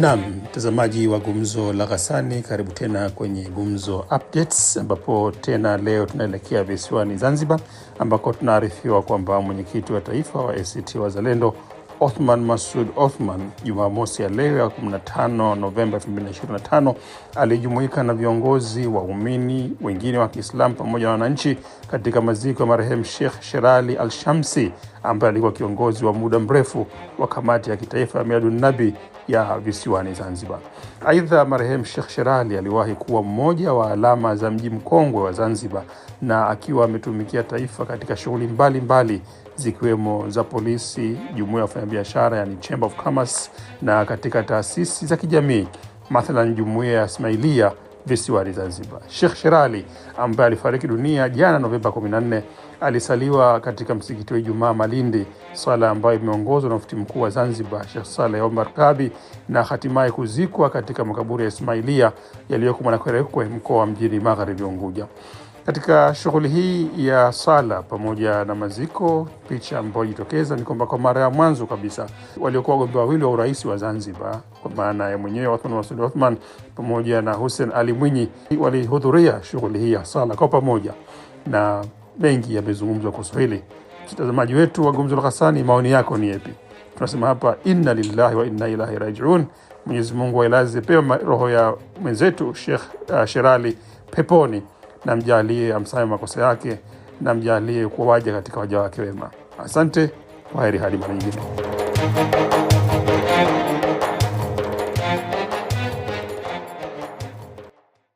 Naam, mtazamaji wa Gumzo la Ghassani, karibu tena kwenye Gumzo Updates, ambapo tena leo tunaelekea visiwani Zanzibar, ambako tunaarifiwa kwamba mwenyekiti wa taifa wa ACT Wazalendo Othman Masud Othman Jumamosi ya leo ya 15 Novemba 2025 alijumuika na viongozi waumini wengine wa Kiislamu pamoja na wananchi katika maziko ya marehemu Sheikh Sherali Al Shamsi ambaye alikuwa kiongozi wa muda mrefu wa kamati ya kitaifa ya Miladun Nabi ya visiwani Zanzibar. Aidha, marehemu Sheikh Sherali aliwahi kuwa mmoja wa alama za mji mkongwe wa Zanzibar na akiwa ametumikia taifa katika shughuli mbalimbali zikiwemo za polisi, jumuiya ya wafanyabiashara, yani Chamber of Commerce, na katika taasisi za kijamii mathalan jumuiya ya Ismailia visiwani Zanzibar. Sheikh Sherali ambaye alifariki dunia jana Novemba 14 alisaliwa katika msikiti wa Ijumaa Malindi, swala ambayo imeongozwa na mufti mkuu wa Zanzibar Sheikh Saleh Omar Kabi na hatimaye kuzikwa katika makaburi ya Ismailia yaliyoko Mwanakwerekwe, mkoa wa Mjini Magharibi Unguja. Katika shughuli hii ya sala pamoja na maziko, picha ambayo jitokeza ni kwamba kwa mara ya mwanzo kabisa waliokuwa wagombea wawili wa urais wa Zanzibar kwa maana ya mwenyewe Othman Masud Othman pamoja na Hussein Ali Mwinyi walihudhuria shughuli hii ya sala kwa pamoja, na mengi yamezungumzwa kuhusu hili. Mtazamaji wetu wa Gumzo la Ghassani, maoni yako ni yepi Tunasema hapa inna lillahi wa inna ilaihi rajiun. mwenyezimungu wailazi pema roho ya mwenzetu shekh uh, eh, Sherali peponi na mjalie amsame makosa yake na mjalie waja katika waja wake wema. Asante, heri hadi mara nyingine.